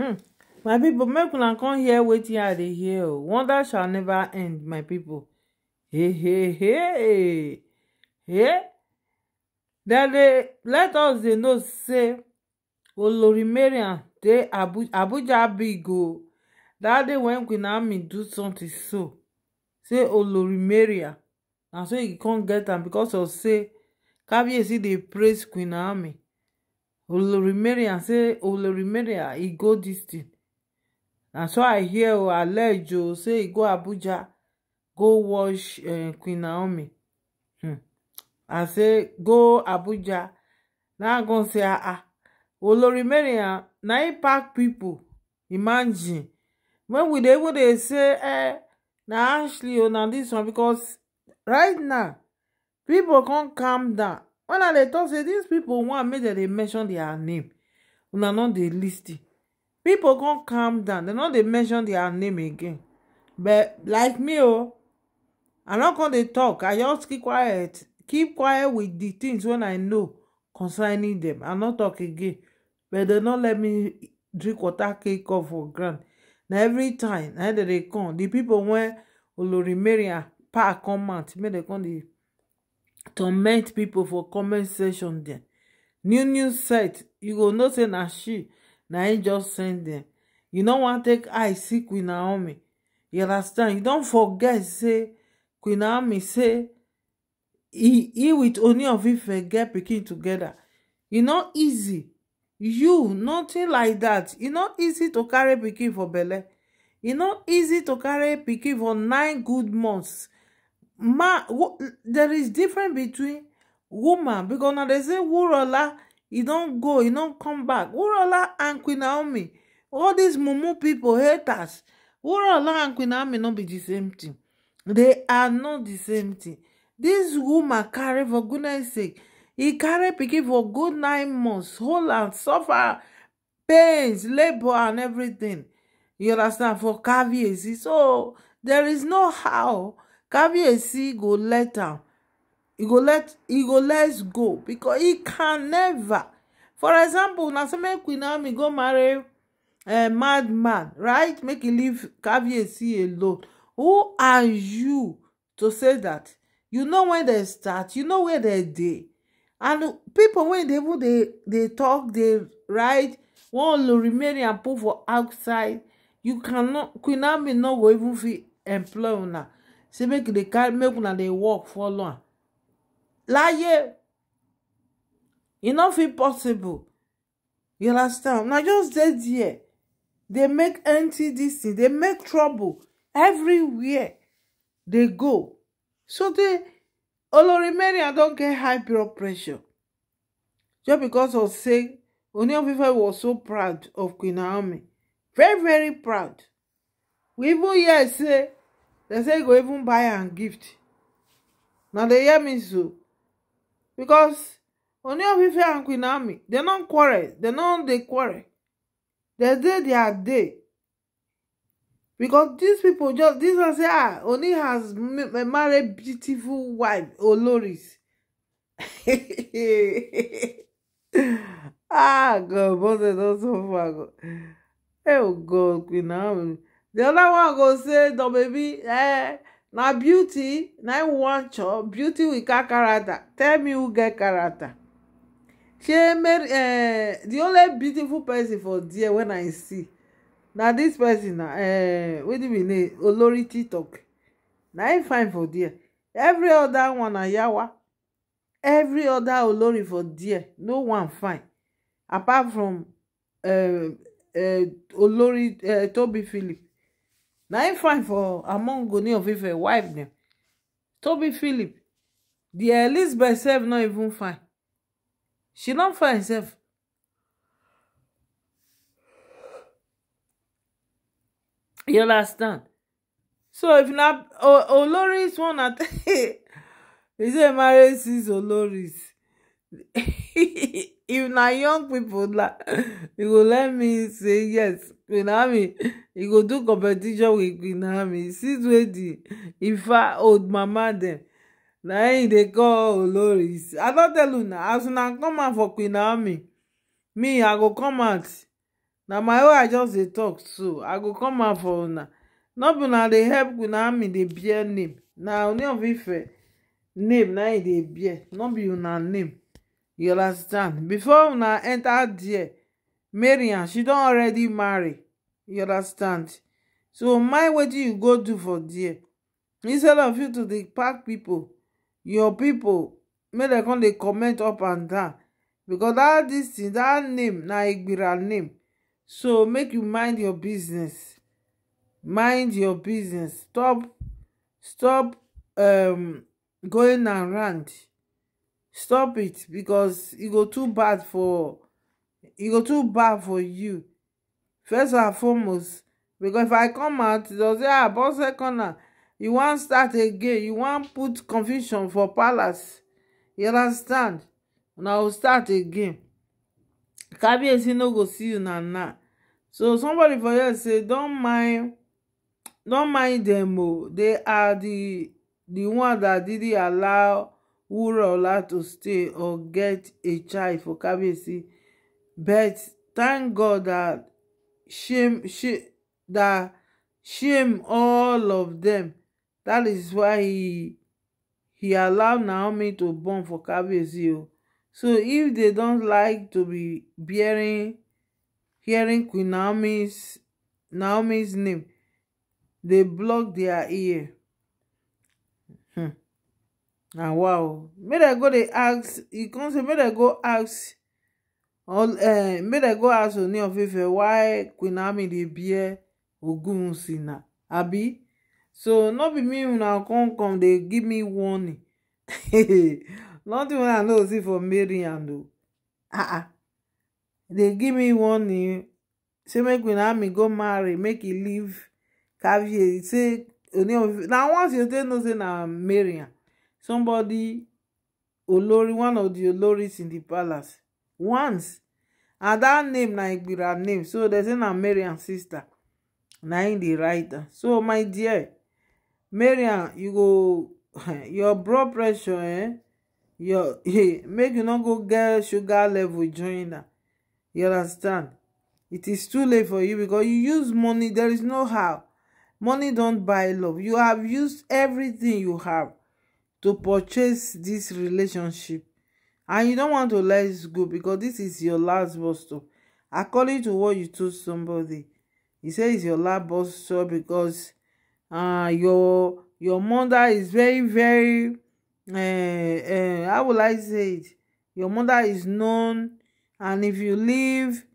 Hmm. my people, make una come hear wetin i dey hear o wonder shall never end my people. hey hey hey hey dem dey let us dey know say olori mariam dey abuja big o dat day wen queen ami do something so say olori mariam na so e come get am because of say kabiyesi dey praise queen ami olori mariam say olori mariam e go dis thing na so i hear o alejo say e go abuja go watch eh, queen naomi hmm i say go abuja Now go say ah, ah. olori mariam na im pack pipo imagine when we dey even dey say eh na ashley o na dis one because right now people come calm down wen i dey talk say dis pipo want make dem dey mention dia name una no dey lis ten pipo con calm down dem no dey mention dia name again but like me oo i no con dey tok i just keep quiet keep quiet with di tins wey i know concerning dem i no tok again but dem no let me drink water kick up for ground na time na dem dey come di pipo wey olorimaria park come out make dem come dey. torment people for comment section dem new news site you go know say na she na he just send dem you no wan take eye see queen naomi you understand you don't forget say queen naomi say he he with only of if they get picking together. You e not easy you nothing like that. You e not easy to carry picking for belle You e not easy to carry picking for nine good months man there is difference between woman because now they say wurola he don go he don come back wurola and queen naomi all these mumu people haters wurola and queen naomi no be the same thing. they are not the same thing. This woman carry for goodness sake he carry pikin for good nine months hold and suffer pains labour and everything you understand for cavies so there is no how Kabiyesi go let am He go let he go let go because he can never for example na say make now me go marry uh, madman right make e leave Kabiyesi alone who are you to say that you know when they start you know where they dey and people wey dey even dey dey talk dey write one lorry and put for outside you cannot Queen Naomi no go even fit employ una say make dey carry make una dey work follow am laye e no fit possible you understand na just dey there dey make empty dis thing dey make trouble everywhere dey go so tey olorimerian don get high blood pressure just because of say Ooni of Ife was so proud of Queen Naomi very very proud we even hear say dem say go even buy am gift na dey hear me so because Ooni of Ife and Queen Naomi dem no quarrel dem no dey quarrel dem dey their day because these people just this one say ah Ooni has married beautiful wife Oloris ah God bọ́sẹ̀ don sọ fún wa go eh o God Queen Naomi the other one go say no baby eh na beauty na im wan chop beauty without character tell me who get character shey mary eh the only beautiful person for dear when i see na this person na eh wetin be name olori tiktok na im fine for there every other one na yawa every other olori for there no one fine apart from uh, uh, olori uh, Toby philip na him find for among Ooni of a wife dem Toby Philip the Elizabeth self not even fine. she don find sef you understand so if na oloris one na he say marry six oloris if na young pipo you go let me say yes queen army you go do competition with queen army since wey di ifa old mama dem na im dey call olori i don tell una as una come out for queen army me i go come out na my way i just dey talk so i go come out for una no be una dey help queen army dey bear name na only of ife name na im dey bear no be una name you understand before una enter there marian she don't already marry you understand so my wetin you go do for there instead of you to the pack people, your people. make they come dey comment up and down because dat this thing that name na igbira name so make you mind your business mind your business stop stop um going around stop it because it e go too bad for it e go too bad for you first and foremost because if i come out they'll say ah boss corner you wan start again you wan put confusion for palace you understand una go start again kabiyesi no go see una now so somebody for here say don mind don mind dem o oh. they are the the one that didn't allow wurola to stay or get a child for kabiyesi but thank god that shame shame that shame all of them that is why he he allow naomi to born for kabiyesi o so if they don't like to be bearing hearing queen naomi's naomi's name they block their ear na wow make i go dey ask e come say make i go ask eh, make i go ask oni why queen ami dey bear ogunwusi na abi so no be me una come come dey give me warning nothing wey i know see for maryland o ah ah dey give me warning say make queen ami go marry make e leave caviar say oni of na once you take know say na maryland somebody olori one of the oloris in the palace once and that name na igbira name so dem say na marian sister na im dey write am so my dear marian you go your blood pressure eh your make you no go get sugar level join am you understand it is too late for you because you use money there is no how money don buy love you have used everything you have to purchase this relationship and you don't want to let it go because this is your last bus stop according to what you told somebody you say it's your last bus stop because uh, your your mother is very very uh, uh, how will I say it your mother is known and if you leave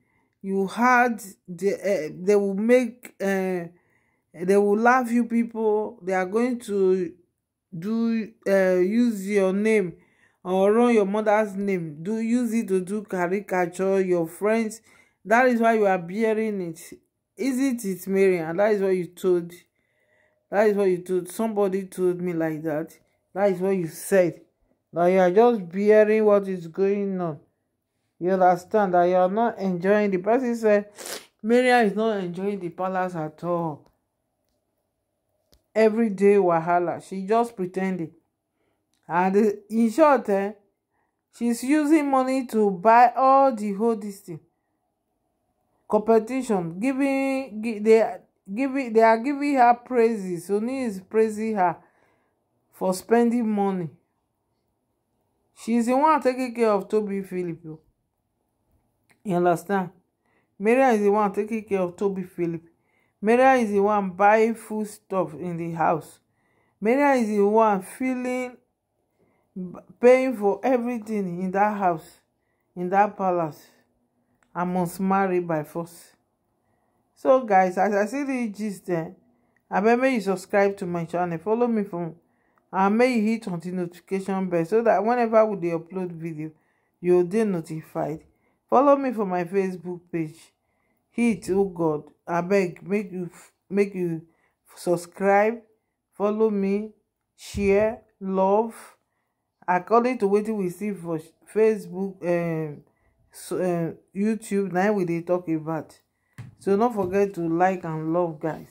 you had the, uh, they will make uh, they will laugh you people they are going to do uh, use your name or run your mother's name do use it to do caricature your friends that is why you are bearing it Is it Mariam and that is what you told that is what you told somebody told me like that that is what you said that you are just bearing what is going on you understand that you are not enjoying the person said Maria is not enjoying the palace at all everyday wahala she just pretending and in short eh she's using money to buy all the whole this thing competition giving they giving they are giving her praises Wunmi is praising her for spending money she's the one taking care of Toby Philip oh. you understand Maria is the one taking care of Toby Philip Maria is the one buying food stuff in the house. Maria is the one feeling, paying for everything in that house, in that palace. I must marry by force. So guys, as I see the gist I eh, abeg make you subscribe to my channel, follow me from and make you hit on the notification bell so that whenever I would upload video, you'll be notified. Follow me for my Facebook page. Hit oh God abeg make you make you subscribe follow me share love according to wetin we see for facebook um, so, um, youtube Now we dey talk about so no forget to like and love guys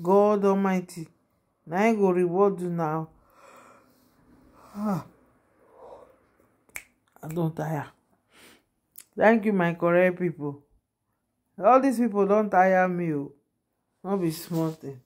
god almighty now im go reward you now i don tire thank you my correct people. all these people don't tire me oh. Don't be small thing